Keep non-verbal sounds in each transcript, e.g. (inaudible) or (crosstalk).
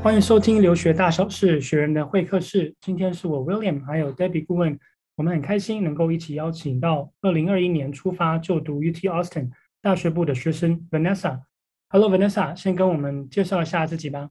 歡迎收聽留學大小事學人的會客室。今天是我 William 還有 Debbie 顧問，我們很開心能夠一起邀請到二零二一年出發就讀 UT Austin 大學部的學生 Vanessa。Hello，Vanessa，先跟我們介紹一下自己吧。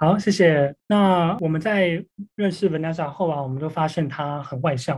好，謝謝。那我們在認識 Vanessa 後啊，我們都發現她很外向。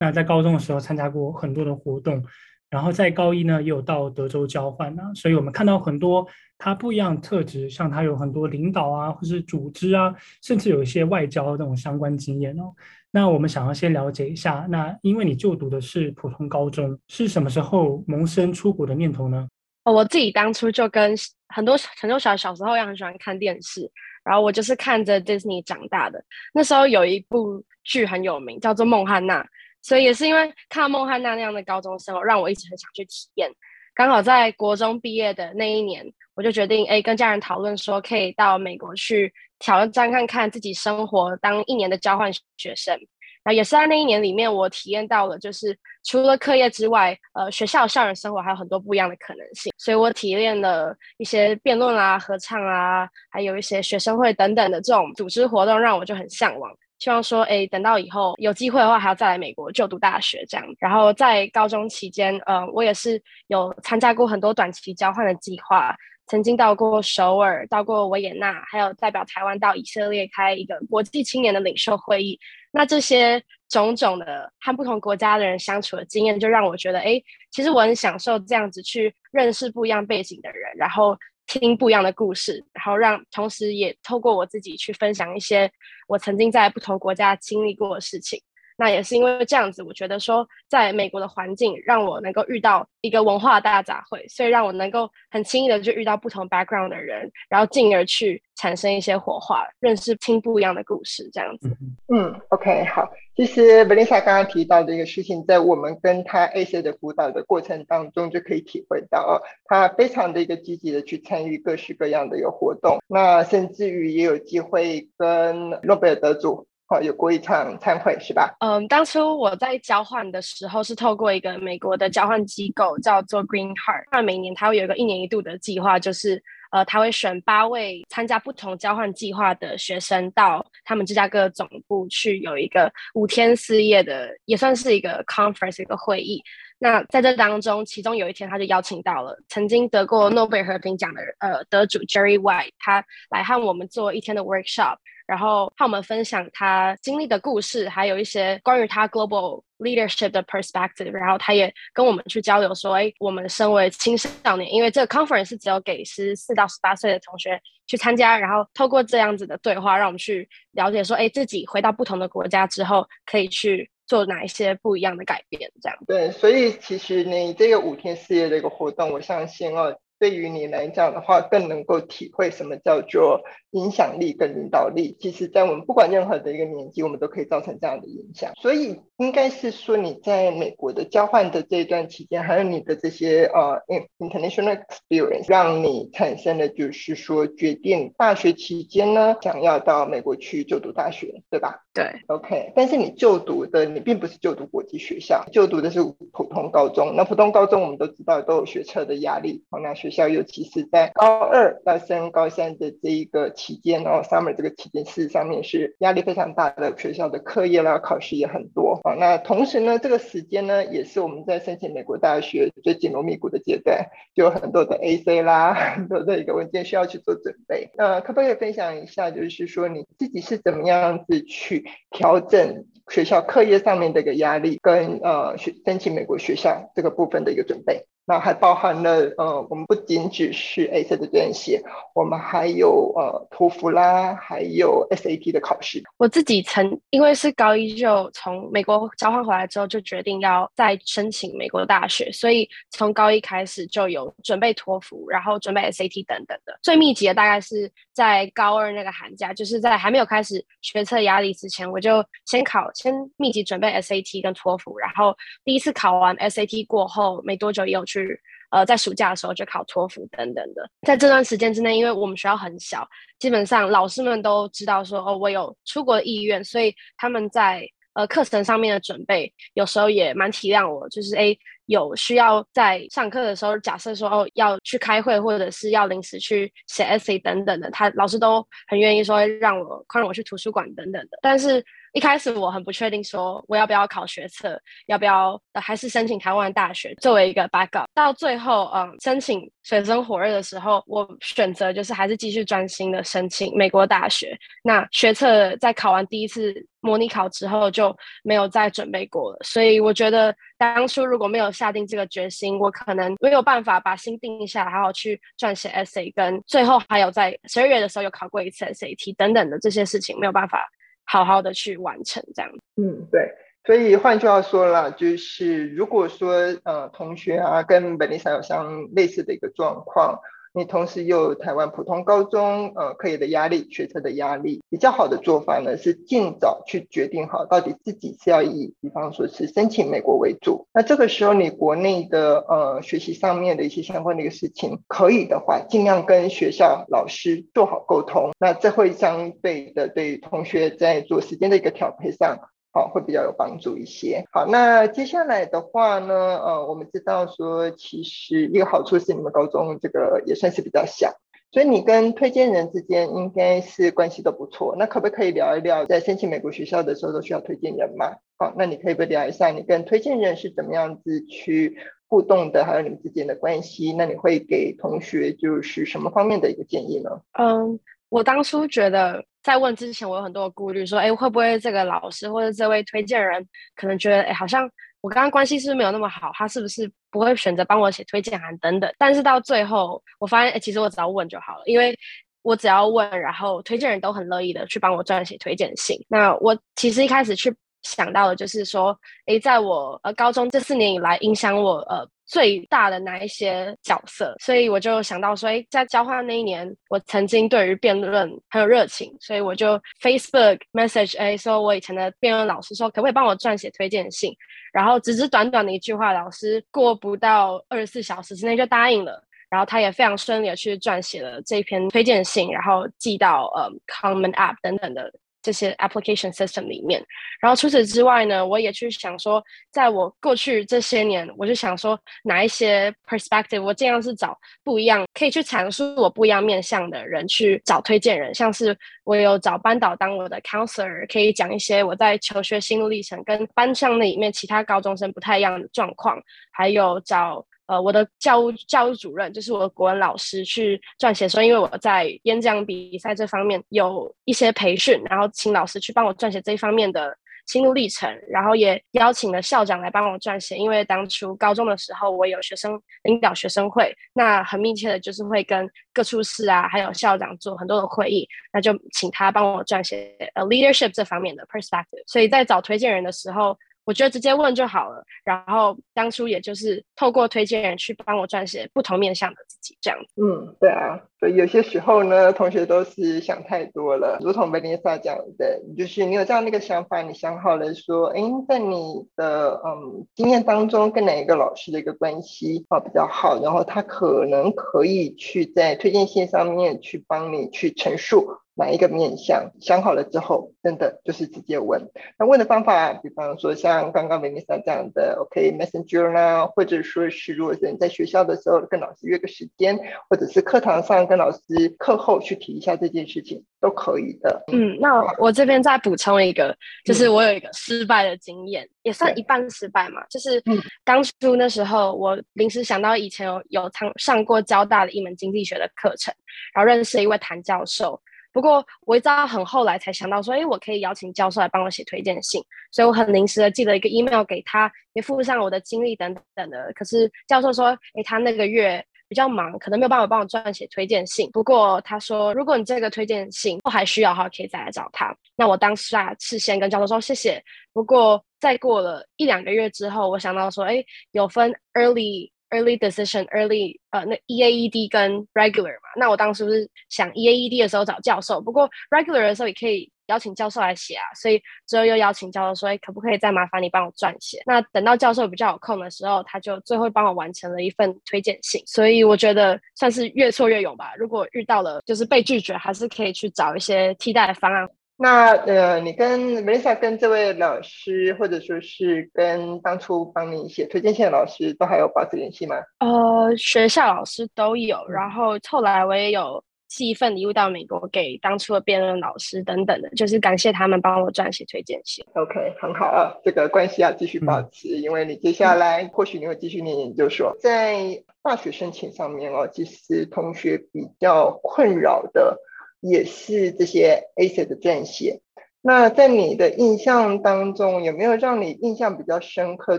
那在高中的時候參加過很多的活動，然後在高一呢也有到德州交換呢、啊。所以我們看到很多她不一樣的特質，像她有很多領導啊，或是組織啊，甚至有一些外交的那種相關經驗哦。那我們想要先了解一下，那因為你就讀的是普通高中，是什麼時候萌生出國的念頭呢？哦，我自己當初就跟很多很多小小時候一樣，很喜歡看電視。然後我就是看着 Disney 長大的，那時候有一部劇很有名，叫做《孟漢娜》，所以也是因為看到孟漢娜那樣的高中生活，讓我一直很想去體驗。剛好在國中畢業的那一年，我就決定，哎，跟家人討論說，可以到美國去挑戰看看自己生活，當一年的交換學生。那也是在那一年裡面，我體驗到了，就是除了課業之外，呃，學校校園生活還有很多不一樣的可能性。所以我體驗了一些辯論啦、啊、合唱啊，還有一些學生會等等的這種組織活動，讓我就很向往。希望說，誒，等到以後有機會的話，還要再來美國就讀大學這樣。然後在高中期間，呃，我也是有參加過很多短期交換的計劃，曾經到過首爾、到過維也納，還有代表台灣到以色列開一個國際青年的領袖會議。那這些種種的和不同國家的人相處的經驗，就讓我覺得，欸，其實我很享受這樣子去認識不一樣背景的人，然後聽不一樣的故事，然後讓，同時也透過我自己去分享一些我曾經在不同國家經歷過的事情。那也是因為這樣子，我覺得說，在美國的環境讓我能夠遇到一個文化大雜燴，所以讓我能夠很輕易的就遇到不同 background 的人，然後進而去產生一些火花，認識聽不一樣的故事，這樣子。嗯，OK，好。其實 Vanessa 剛剛提到的一個事情，在我們跟他 A C 的輔導的過程當中就可以體會到哦，他非常的一個積極的去參與各式各樣的一個活動，那甚至於也有機會跟諾貝爾得主。哦，有過一場餐會，是吧？嗯，當初我在交換的時候是透過一個美國的交換機構，叫做 Green Heart。那每年它會有一個一年一度的計劃，就是呃，它會選八位參加不同交換計劃的學生到他們芝加哥總部去，有一個五天四夜的，也算是一個 conference 一個會議。那在這當中，其中有一天他就邀請到了曾經得過諾貝爾和平獎的呃得主 Jerry White，他來和我們做一天的 workshop。然後和我們分享他經歷的故事，還有一些關於他 global leadership 的 perspective。然後他也跟我們去交流說：“哎，我們身為青少年，因為這個 conference 只有給十四到十八歲的同學去參加。然後透過這樣子的對話，讓我們去了解說：哎，自己回到不同的國家之後，可以去做哪一些不一樣的改變。”這樣對，所以其實你這個五天四夜的一個活動，我相信哦、啊。對於你來講的話，更能夠體會什麼叫做影響力跟領導力。其實，在我們不管任何的一個年紀，我們都可以造成這樣的影響。所以，應該是說你在美國的交換的這一段期間，還有你的這些呃、uh, international experience，讓你產生的就是說決定大學期間呢，想要到美國去就讀大學，對吧？對。OK，但是你就讀的你並不是就讀國際學校，就讀的是普通高中。那普通高中我們都知道都有學測的壓力，然後學。尤其是，在高二到升高三的這一個期間，哦 summer 這個期間，事實上面是壓力非常大的，學校的課業啦，考試也很多啊。那同時呢，這個時間呢，也是我們在申請美國大學最緊鑼密鼓的階段，就有很多的 AC 啦，很多的一個文件需要去做準備。那可不可以分享一下，就是說你自己是怎麼樣子去調整學校課業上面的一個壓力，跟呃學申請美國學校這個部分的一個準備？那還包含了呃，我們不僅只是 essay 的撰寫，我們還有呃托福啦，還有 SAT 的考試。我自己曾因為是高一就從美國交換回來之後，就決定要再申請美國大學，所以從高一開始就有準備托福，然後準備 SAT 等等的。最密集的大概是在高二那個寒假，就是在還沒有開始學測壓力之前，我就先考，先密集準備 SAT 跟托福，然後第一次考完 SAT 過後沒多久也有。去呃，在暑假的時候就考托福等等的，在這段時間之內，因為我們學校很小，基本上老師們都知道說哦，我有出國意願，所以他們在呃課程上面的準備，有時候也蠻體諒我，就是哎有需要在上課的時候，假設說哦要去開會，或者是要臨時去寫 essay 等等的，他老師都很願意說讓我寬讓我去圖書館等等的，但是。一開始我很不確定，說我要不要考學測，要不要還是申請台灣大學作為一個 backup。到最後，嗯、呃，申請水深火熱的時候，我選擇就是還是繼續專心的申請美國大學。那學測在考完第一次模擬考之後就沒有再準備過了。所以我覺得當初如果沒有下定這個決心，我可能沒有辦法把心定下來，還要去撰寫 SAT 跟最後還有在十二月的時候有考過一次 SAT 等等的這些事情，沒有辦法好好的去完成這樣，嗯，對，所以換句話說了，就是如果說呃，同學啊，跟 Vanessa 有相類似的一個狀況。你同時又有台灣普通高中，呃，課業的壓力、學測的壓力，比較好的做法呢是盡早去決定好，到底自己是要以，比方說是申請美國為主。那這個時候你國內的，呃，學習上面的一些相關的一個事情，可以的話，盡量跟學校老師做好溝通，那這會相對的對於同學在做時間的一個調配上。好，會比較有幫助一些。好，那接下來的話呢，呃，我們知道說，其實一個好處是你們高中這個也算是比較小，所以你跟推薦人之間應該是關係都不錯。那可不可以聊一聊，在申請美國學校的時候都需要推薦人嗎？好，那你可以不聊一下，你跟推薦人是怎麼樣子去互動的，還有你們之間的關係？那你會給同學就是什麼方面的一個建議呢？嗯。我當初覺得在問之前，我有很多的顧慮，說，誒，會不會這個老師或者這位推薦人可能覺得，誒，好像我跟他關係是不是沒有那麼好，他是不是不會選擇幫我寫推薦函等等。但是到最後，我發現，誒，其實我只要問就好了，因為我只要問，然後推薦人都很樂意的去幫我撰寫推薦信。那我其實一開始去想到的就是說，誒，在我呃高中這四年以來影響我呃。最大的那一些角色，所以我就想到說，哎、欸，在交換那一年，我曾經對於辯論很有熱情，所以我就 Facebook message a、欸、說我以前的辯論老師說，可不可以幫我撰寫推薦信？然後只是短短的一句話，老師過不到二十四小時之內就答應了，然後他也非常順利的去撰寫了這篇推薦信，然後寄到呃、嗯，Common App 等等的。這些 application system 裡面，然後除此之外呢，我也去想說，在我過去這些年，我就想說，哪一些 perspective，我儘量是找不一樣，可以去闡述我不一樣面向的人去找推薦人，像是我有找班導當我的 counselor，可以講一些我在求學心路歷程跟班上那裡面其他高中生不太一樣的狀況，還有找，呃，我的教務教務主任就是我的國文老師去撰寫，說因為我在演講比賽這方面有一些培訓，然後請老師去幫我撰寫這一方面的心路歷程，然後也邀請了校長來幫我撰寫，因為當初高中的時候我有學生領導學生會，那很密切的就是會跟各處室啊，還有校長做很多的會議，那就請他幫我撰寫呃 leadership 這方面的 perspective，所以在找推薦人的時候。我覺得直接問就好了。然後當初也就是透過推薦人去幫我撰寫不同面向的自己這樣子。嗯，對啊，所以有些時候呢，同學都是想太多了。如同 Vanessa 講的，就是你有這樣那個想法，你想好了說，哎，在你的嗯經驗當中，跟哪一個老師的一個關係啊比較好，然後他可能可以去在推薦信上面去幫你去陳述。哪一個面向想好了之後，真的就是直接問。那問的方法、啊，比方說像剛剛維尼莎這樣的，OK Messenger now，、啊、或者說是如果是你在學校的時候跟老師約個時間，或者是課堂上跟老師課後去提一下這件事情，都可以的。嗯，那我,嗯我這邊再補充一個，就是我有一個失敗的經驗，嗯、也算一半失敗嘛。對就是當初那時候，我臨時想到以前有有上上過交大的一門經濟學的課程，然後認識了一位譚教授。不過我一直到很後來才想到說，誒、哎、我可以邀請教授來幫我寫推薦信，所以我很臨時的寄了一個 email 給他，也附上我的經歷等等的。可是教授說，誒、哎、他那個月比較忙，可能沒有辦法幫我撰寫推薦信。不過他說，如果你這個推薦信都還需要的話，可以再來找他。那我當時啊，事先跟教授說謝謝。不過再過了一兩個月之後，我想到說，誒、哎、有分 early。Early decision early，呃、uh，那 E A E D 跟 regular 嘛，那我當時是想 E A E D 的時候找教授，不過 regular 的時候也可以邀請教授來寫啊，所以最後又邀請教授說，誒可不可以再麻煩你幫我撰寫？那等到教授比較有空的時候，他就最後幫我完成了一份推薦信，所以我覺得算是越挫越勇吧。如果遇到了就是被拒絕，還是可以去找一些替代的方案。那呃，你跟梅麗莎跟這位老師，或者說是跟當初幫你寫推薦信的老師，都還有保持聯繫嗎？呃，學校老師都有，然後後來我也有寄一份禮物到美國給當初的辯論老師等等的，就是感謝他們幫我撰寫推薦信。OK，很好啊，這個關係要繼續保持，嗯、因為你接下來或許你會繼續念研究所，在大學申請上面哦，其實同學比較困擾的。也是這些 essay 的撰寫。那在你的印象當中，有沒有讓你印象比較深刻、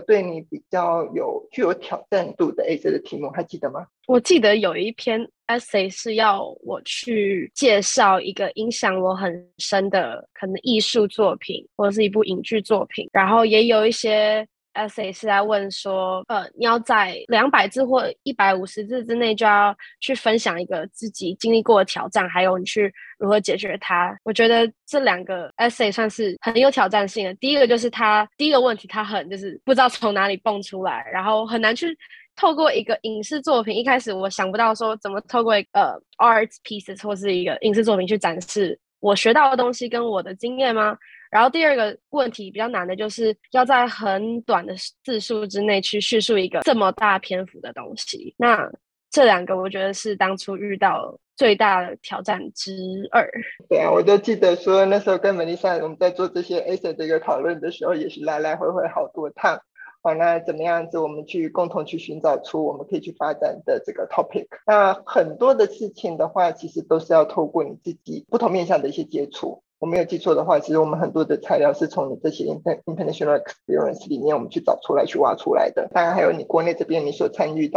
對你比較有具有挑戰度的 essay 的題目？還記得嗎？我記得有一篇 essay 是要我去介紹一個影響我很深的可能藝術作品或者是一部影劇作品，然後也有一些。essay 是在問說，呃，你要在兩百字或一百五十字之內就要去分享一個自己經歷過的挑戰，還有你去如何解決它。我覺得這兩個 essay 算是很有挑戰性的。第一個就是它，第一個問題它很就是不知道從哪裡蹦出來，然後很難去透過一個影視作品。一開始我想不到說怎麼透過一個呃 art piece 或是一個影視作品去展示我學到的東西跟我的經驗嗎。然後第二個問題比較難的就是要在很短的字數之內去敘述一個這麼大篇幅的東西。那這兩個我覺得是當初遇到最大的挑戰之二。對啊，我就記得說那時候跟梅麗莎我們在做這些 essay 的一個討論的時候，也是來來回回好多趟。好、啊，那怎麼樣子我們去共同去尋找出我們可以去發展的這個 topic？那很多的事情的話，其實都是要透過你自己不同面向的一些接觸。我沒有記錯的話，其實我們很多的材料是從你這些 international experience 裡面，我們去找出來、去挖出來的。當然，還有你國內這邊你所參與，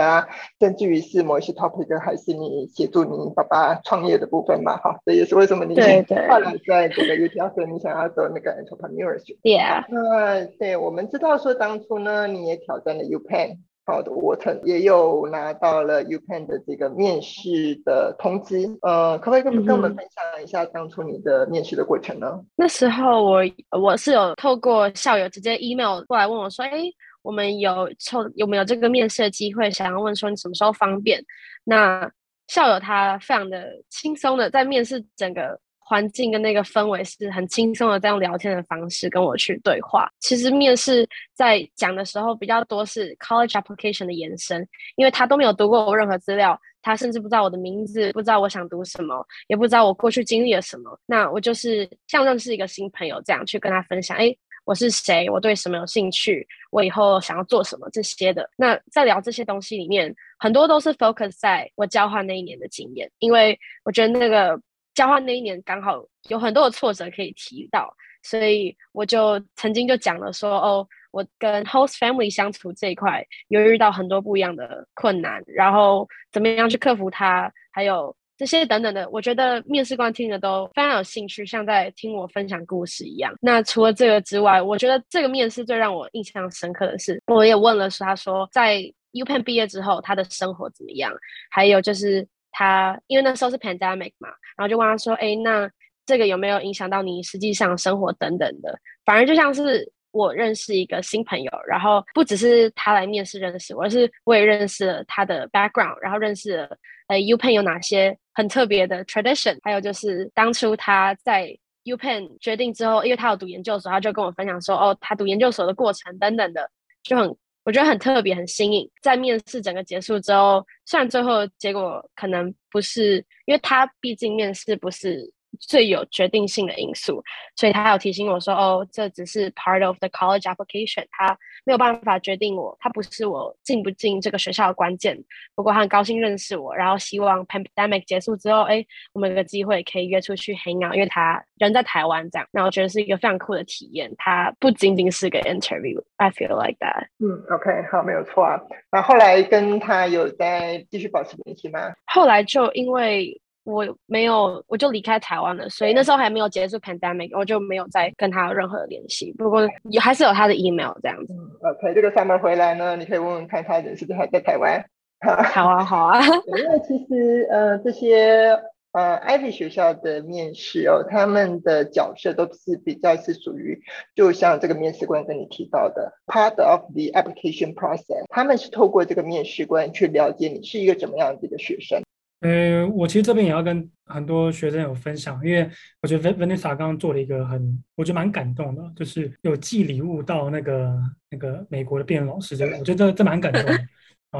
甚至於是某一些 topic 還是你協助你爸爸創業的部分嘛，哈，這也是為什麼你後來在這個 UT 你想要走那個 entrepreneurship。Yeah。嗯，對，我們知道說當初呢，你也挑戰了 UPenn。好的，沃騰也有拿到了 UPenn 的這個面試的通知，呃，可不可以跟跟我們分享一下當初你的面試的過程呢？那時候我我是有透過校友直接 email 過來問我說，哎，我們有抽有沒有這個面試的機會，想要問說你什麼時候方便？那校友他非常的輕鬆的在面試整個。環境跟那個氛圍是很輕鬆的，在用聊天的方式跟我去對話。其實面試在講的時候比較多是 college application 的延伸，因為他都沒有讀過我任何資料，他甚至不知道我的名字，不知道我想讀什麼，也不知道我過去經歷了什麼。那我就是像認識一個新朋友這樣去跟他分享：哎，我是誰？我對什麼有興趣？我以後想要做什麼？這些的。那在聊這些東西裡面，很多都是 focus 在我交換那一年的經驗，因為我覺得那個。交換那一年剛好有很多的挫折可以提到，所以我就曾經就講了說哦，我跟 host family 相處這一塊有遇到很多不一樣的困難，然後怎麼樣去克服它，還有這些等等的，我覺得面試官聽了都非常有興趣，像在聽我分享故事一樣。那除了這個之外，我覺得這個面試最讓我印象深刻的是，我也問了說他說，在 UPenn 畢業之後他的生活怎麼樣，還有就是。他因為那時候是 pandemic 嘛，然後就問他說：“哎，那這個有沒有影響到你實際上生活等等的？”反而就像是我認識一個新朋友，然後不只是他來面試認識我，而是我也認識了他的 background，然後認識了呃 U Penn 有哪些很特別的 tradition，還有就是當初他在 U Penn 決定之後，因為他有讀研究所，他就跟我分享說：“哦，他讀研究所的過程等等的，就很。”我覺得很特別，很新穎。在面試整個結束之後，雖然最後結果可能不是，因為他畢竟面試不是，最有決定性的因素，所以他有提醒我說：“哦，這只是 part of the college application，他沒有辦法決定我，他不是我進不進這個學校的關鍵。”不過他很高興認識我，然後希望 pandemic 結束之後，哎、欸，我們有個機會可以約出去 hang out，因為他人在台灣，這樣，那我覺得是一個非常酷的體驗。它不僅僅是個 interview，I feel like that 嗯。嗯，OK，好，沒有錯啊。那後後來跟他有在繼續保持聯繫嗎？後來就因為。我沒有，我就離開台灣了，所以那時候還沒有結束 pandemic，對我就沒有再跟他有任何的聯繫。不過也還是有他的 email 這樣子，嗯。OK，這個 summer 回來呢，你可以問問看他人是不是還在台灣？ (laughs) 好啊，好啊。因為其實呃這些呃 Ivy 學校的面試哦，他們的角色都是比較是屬於，就像這個面試官跟你提到的，part of the application process，他們是透過這個面試官去了解你是一個怎麼樣子的學生。嗯、呃，我其實這邊也要跟很多學生有分享，因為我覺得 Vanessa 剛剛做了一個很，我覺得蠻感動的，就是有寄禮物到那個那個美國的辯論老師，這裡，我覺得這，這蠻感動的。啊、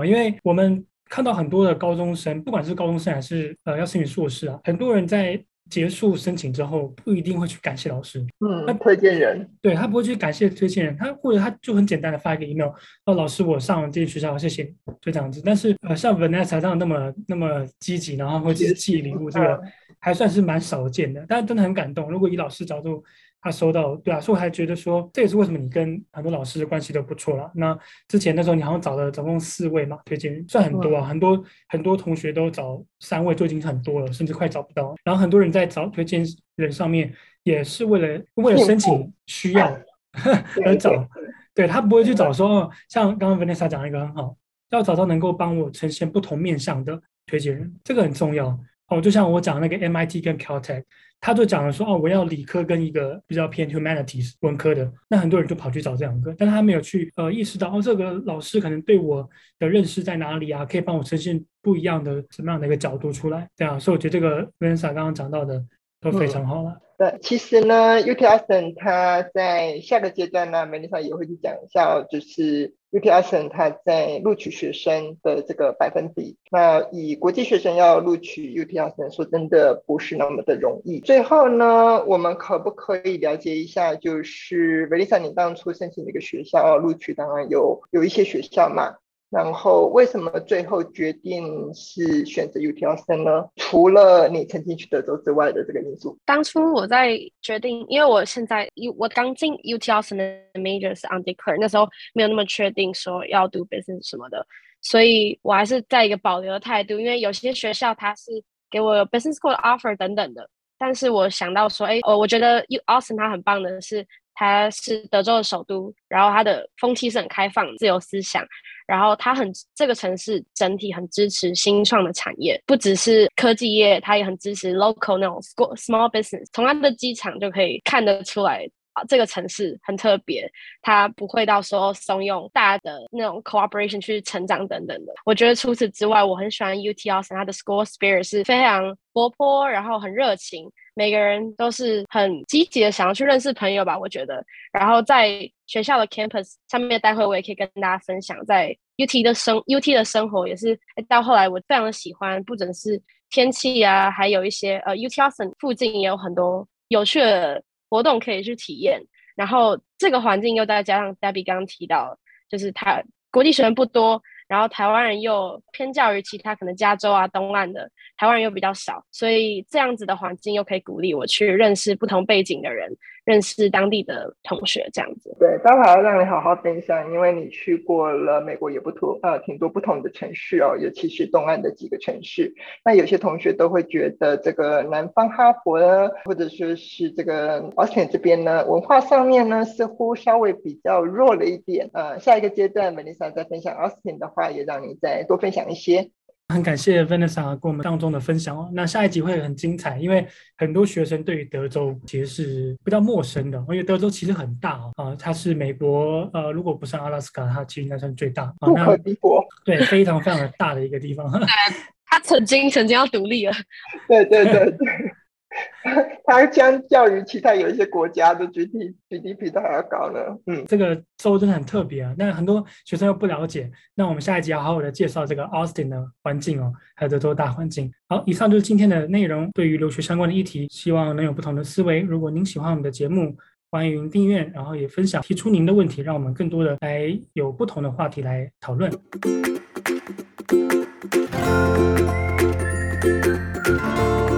哦，因為我們看到很多的高中生，不管是高中生還是呃要申請碩士啊，很多人在。結束申請之後，不一定會去感謝老師。嗯，他推薦人，他對他不會去感謝推薦人，他或者他就很簡單的發一個 email，說老師，我上了這所學校，謝謝，就這樣子。但是呃，像 Vanessa 上那麼那麼積極，然後會是寄禮物，這個還算是蠻少見的。但是真的很感動。如果以老師角度，啊、收到，對啊，所以我還覺得說，這也是為什麼你跟很多老師的關係都不錯了。那之前那時候，你好像找了總共四位嘛，推薦人算很多啊，哇很多很多同學都找三位就已經很多了，甚至快找不到。然後很多人在找推薦人上面也是為了為了申請需要定 (laughs) 而找，對他不會去找說，像剛剛 Vanessa 講一個很好，哦，要找到能夠幫我呈現不同面向的推薦人，這個很重要。哦，就像我講那個 MIT 跟 Caltech。他就講了說，哦，我要理科跟一個比較偏 humanities 文科的，那很多人就跑去找這兩個，但他沒有去，呃，意識到哦，這個老師可能對我的認識在哪裡啊，可以幫我呈現不一樣的什麼樣的一個角度出來，這樣、啊，所以我覺得這個 Vanessa 剛剛講到的都非常好了。哦對，其實呢，UT Austin 它在下個階段呢，梅麗莎也會去講一下、哦，就是 UT Austin 它在錄取學生的這個百分比。那以國際學生要錄取 UT Austin，說真的不是那麼的容易。最後呢，我們可不可以了解一下，就是梅麗莎，你當初申請那個學校錄取？當然有有一些學校嘛。然後為什麼最後決定是選擇 UT Austin 呢？除了你曾經去德州之外的這個因素，當初我在決定，因為我現在我剛進 UT Austin 的 major 是 undeclared，那時候沒有那麼確定說要讀 business 什麼的，所以我還是在一個保留的態度。因為有些學校它是給我有 business school offer 等等的，但是我想到說，哎，我、哦、我覺得 UT Austin 它很棒的是。它是德州的首都，然後它的風氣是很開放、自由思想，然後它很，這個城市整體很支持新創的產業，不只是科技業，它也很支持 local 那種 small business，從它的機場就可以看得出來。這個城市很特別，它不會到時候慫恿大家的那種 cooperation 去成長等等的。我覺得除此之外，我很喜歡 UT Austin 它的 school spirit 是非常活潑，然後很熱情，每個人都是很積極的想要去認識朋友吧。我覺得，然後在學校的 campus 上面，待會我也可以跟大家分享在 UT 的生 UT 的生活也是。到後來，我非常的喜歡，不只是天氣啊，還有一些呃 UT Austin 附近也有很多有趣的。活動可以去體驗，然後這個環境又再加上 Debbie 剛剛提到，就是他國際學生不多，然後台灣人又偏較於其他可能加州啊、東岸的台灣人又比較少，所以這樣子的環境又可以鼓勵我去認識不同背景的人。認識當地的同學，這樣子。對，待會兒要讓你好好分享，因為你去過了美國也不同，呃，挺多不同的城市哦，尤其是東岸的幾個城市。那有些同學都會覺得這個南方哈佛呢，或者說是這個 Austin 這邊呢，文化上面呢似乎稍微比較弱了一點。呃，下一個階段 Melissa 再分享 Austin 的話，也讓你再多分享一些。很感謝 Vanessa 跟我們當中的分享哦。那下一集會很精彩，因為很多學生對於德州其實是比較陌生的。因為德州其實很大哦，啊、呃，它是美國，呃，如果不算 Alaska，它其實應該算是最大。不、呃、可那、對，非常非常的大的一個地方。它 (laughs) 曾經曾經要獨立了。 (laughs) 對對對對。 (laughs) 他相較於其他有一些國家的 GDP、GDP 都還要高呢。嗯，這個州真的很特別啊，但很多學生又不了解。那我們下一集要好好的介紹這個 Austin 的環境哦，還有這州大環境。好，以上就是今天的內容，對於留學相關的議題，希望能有不同的思維。如果您喜歡我們的節目，歡迎訂閱，然後也分享，提出您的問題，讓我們更多的來有不同的話題來討論。嗯嗯。